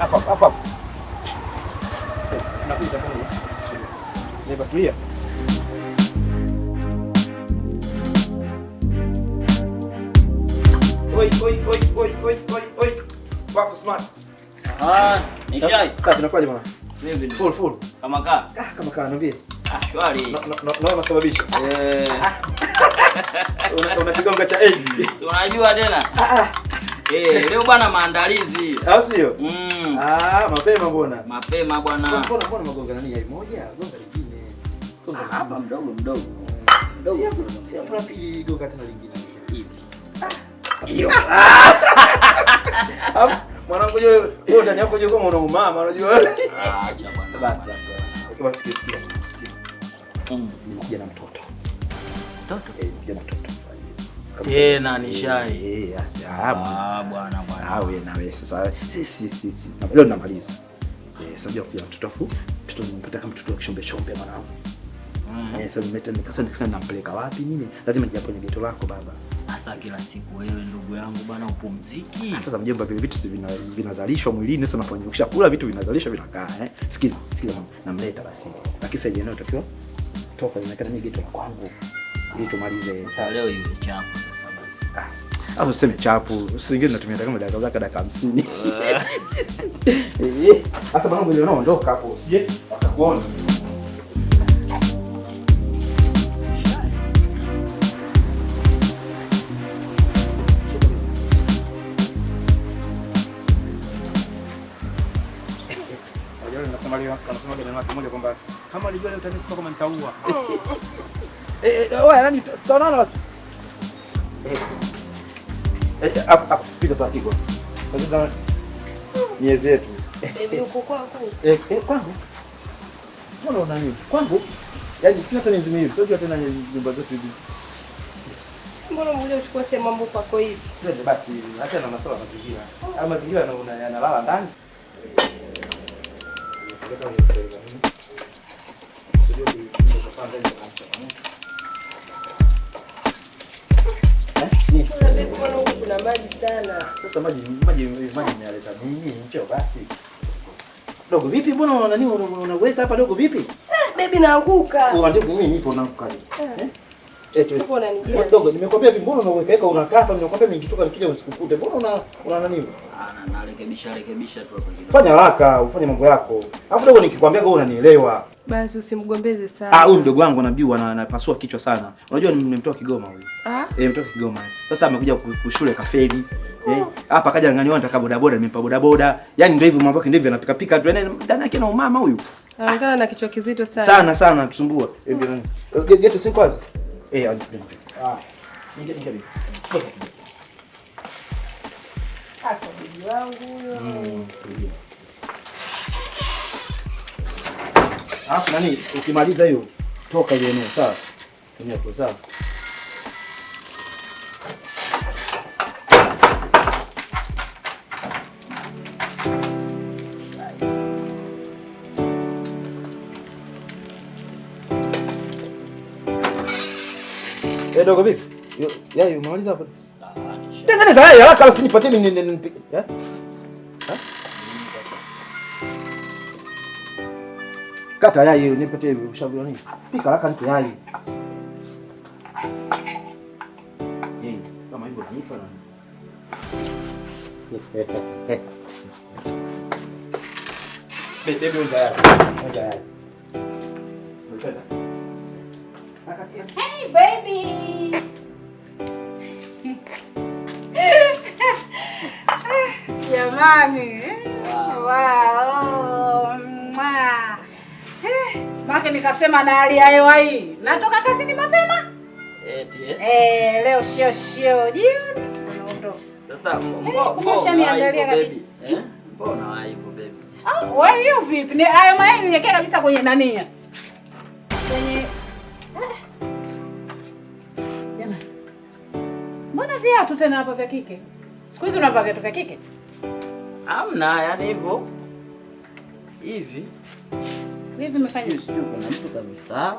hapa hapa. Tulia. Eh. Unakigonga cha egg. Unajua tena. Ah ah. Eh, leo bwana maandalizi. Au sio? Mm. Ah, mapema bwana. Mapema bwana. Mbona mbona magonga nani ya moja? Gonga lingine. Gonga hapa mdogo mdogo. Mm. Mdogo. Sio sio kuna pili gonga tena lingine. Hivi. Hiyo. Ah. ah. Mwanangu yeye wewe ndani yako je kama unauma, unajua wewe? Ah, acha bwana. Basi basi. Kwa sikia sikia. Mm. Nimekuja na mtoto. Mtoto? Eh, nimekuja na mtoto. Tena ni shai. Ah, bwana bwana. Ah, leo tunamaliza. Eh, sasa pia mtoto afu mtoto mpata kama mtoto akishombe chombe mwanangu. Mm-hmm. Eh, nampeleka wapi mimi? Lazima nijapo ni geto lako baba. Sasa kila siku wewe ndugu yangu bwana upumziki. Ah, sasa mjomba vile vitu vinazalishwa mwilini sasa unafanya ukishakula vitu vinazalishwa vinakaa eh. Sikiza, sikiza namleta basi. Lakini sasa yenyewe utakiwa toka inaonekana mimi geto la kwangu. Ili tumalize. Eh, sasa leo hiyo chafu. Ah, au useme chapu, singine natumia kama dakika zaka dakika hamsini. Eh. Sasa mwanangu, ndio naondoka hapo, usije atakuona. kama unajua leo utanisema kama nitaua. Eh, eh, eh wewe nani? Tunaona basi. Pita miezi yetu kwangu, Yaani sina hata miezi miwili, unajua tena nyumba zetu hizi. Mbona mlio uchukua sema mambo kwako hivi? Twende basi, acha na masuala mazingira. Au mazingira yanalala ndani maji sana. Sasa maji maji maji yanaleta nini basi? Dogo vipi mbona una unaweka hapa dogo vipi? Eh, baby naanguka. Oh, mimi nipo naanguka. Eh? eh? eh dogo nimekwambia vipi mbona unaweka weka unakaa hapa nimekwambia nikitoka nikija usikukute. Mbona una una Ah, rekebisha tu Fanya haraka, ufanye mambo yako. Alafu dogo nikikwambia wewe unanielewa. Basi usimgombeze sana. Ah, huyu mdogo wangu anajua anapasua kichwa sana. Unajua nimemtoa Kigoma huyu. Ah? Eh, nimemtoa Kigoma. Sasa amekuja kushule kafeli. Oh. Eh, hapa kaja ngani wangu boda boda, nimempa boda boda. Yaani ndio hivyo mambo yake ndio anapika pika tu. Yaani ndani yake na umama huyu. Anaonekana na kichwa kizito sana. Sana sana tusumbua. Eh, bila nani. Eh, get get si kwanza. Eh, Ah. Ninge ninge. Hapo bibi wangu huyo. Mm, Alafu nani ukimaliza hiyo toka ile eneo sawa. Tumia kwa sawa. Eh, dogo vipi? Yeye umemaliza hapo? Ah, Tengeneza haya haraka, usinipatie mimi Eh? Eh? Kata yai hiyo nipe hivi ushauri nini? Pika haraka nipe yai. Eh, kama hivyo unanifa na nini? Hey baby. Jamani. Eh, wow. wow. Make nikasema na hali ya hewa hii natoka kazini mapema eti eh, eh leo sio sio jioni anaondoka. Sasa eh, mbona mbona kabisa eh, mbona haipo baby? Ah, wewe hiyo vipi? Ni hayo mayai niwekea kabisa kwenye nani kwenye eh. jamani, mbona viatu tena hapa vya kike? Siku hizi unavaa viatu vya kike? Hamna, yani hivyo hivi Mtu kabisa.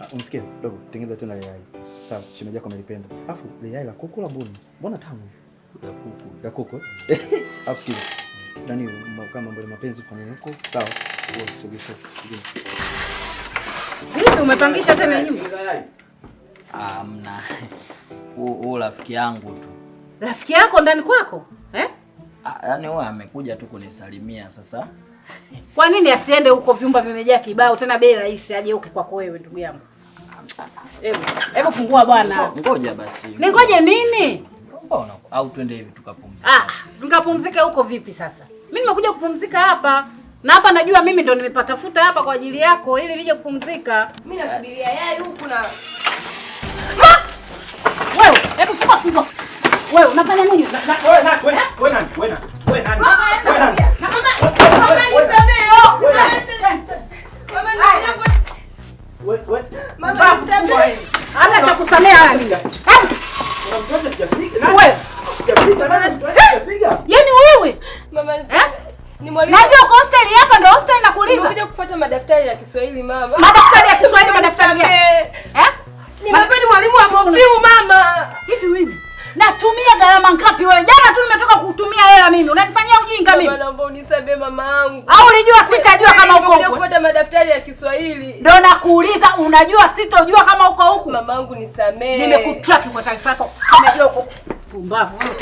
Ah, unisikie dogo, tengeza tena yai. Sawa, shemeji yako amelipenda. Alafu yai la kuku la buni. Mbona tamu? La kuku. La kuku. Alafu sikia. Dani kama mambo ya mapenzi kwa nini huko? Sawa. Wewe sogeza. Hivi umepangisha tena nyumba? Ah, mna. rafiki yangu tu. Rafiki yako ndani kwako? Eh? yani wewe amekuja tu kunisalimia sasa. Kwa nini asiende huko? Vyumba vimejaa kibao, tena bei rahisi. Aje huko kwako wewe, ndugu yangu. Hebu hebu fungua bwana. Ngoja basi. Ningoje nini? Mbona au twende hivi tukapumzika? Ah, tukapumzike huko vipi sasa? Mimi nimekuja kupumzika hapa. Na hapa najua mimi ndo nimepata futa hapa kwa ajili yako ili nije kupumzika. Mimi nasubiria yai huku na Wewe, hebu fuka fuka. Wewe unafanya nini? Eh? Wewe nani? Wewe cha kusamea eh? eh? Yaani wewe? Najua hosteli hapa ndio hosteli nakuuliza. Unakuja kufuata madaftari ya Kiswahili mama. Madaftari ya Kiswahili. Umetumia gharama ngapi wewe? Jana tu nimetoka kutumia hela mimi. Unanifanyia ujinga mimi. Baba naomba unisabe mamaangu. Au unijua sitajua kama uko huko. Nimekuta madaftari ya Kiswahili. Ndio nakuuliza unajua sitojua kama uko huko. Mamaangu nisamee. Nimekutrack kwa taarifa yako. Umejua uko. Pumbavu wewe.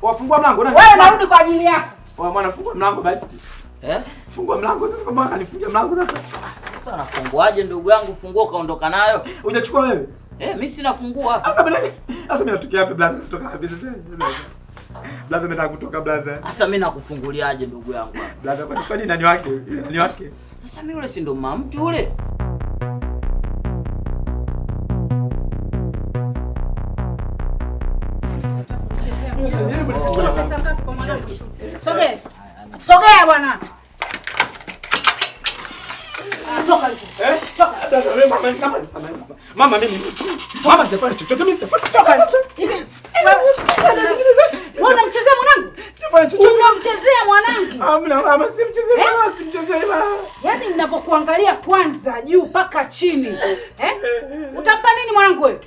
Wafungua mlango. Wewe narudi kwa ajili yako. Mwana fungua mlango basi. Eh? Fungua mlango sasa, kama kanifunja mlango sasa. Sasa nafunguaje ndugu yangu? Fungua kaondoka nayo. Hujachukua wewe? Eh, mimi sina fungua hapa. Ah, sasa mimi sasa mimi natokea hapa blaza, Kutoka hapa blaza. Blaza mimi kutoka blaza. Sasa mimi nakufunguliaje ndugu yangu? Blaza kwa nini nani wake? Nani wake? Sasa mimi yule si ndo mama mtu yule. Sogea bwana. Toka nje. Ah, eh? Toka. Sasa wewe mama, mama, mama mimi. Mama sifanye chochote mimi sifanye. Toka nje. Wewe unamchezea mwanangu? Sifanye chochote. Unamchezea mwanangu? Hamna, mama simchezee mwanangu mzima. Yaani ninapokuangalia kwanza juu mpaka chini. Eh? Utampa nini mwanangu wewe?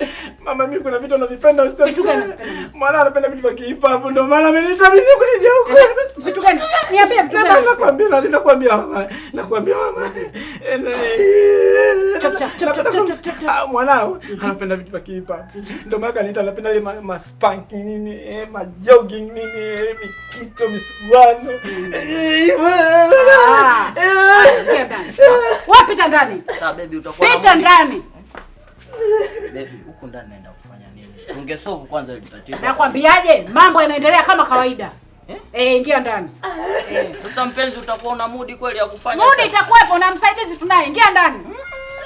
Mama mimi kuna vitu ninavipenda usitaki. Vitu gani? Mwana anapenda vitu vya hip hop ndio maana ameniita mimi kuja huko. Eh, vitu gani? Niambie vitu gani? Nataka kuambia na nitakwambia mama. Nakwambia mama. Chap chap chap chap chap. Ah, Mwanao anapenda vitu vya hip hop. Ndio maana kaniita anapenda ile ma spank nini, eh, ma jogging nini, mikito misuano. Eh, pita ndani. Sasa ah, baby utakuwa pita ndani. Baby huko ndani naenda kufanya nini? Ungesolve kwanza ile tatizo. Nakwambiaje? Mambo yanaendelea kama kawaida. Eh, eh ingia ndani. Eh, sasa eh, mpenzi utakuwa una mudi kweli ya kufanya. Mudi itakuwepo na msaidizi tunaye. Ingia ndani.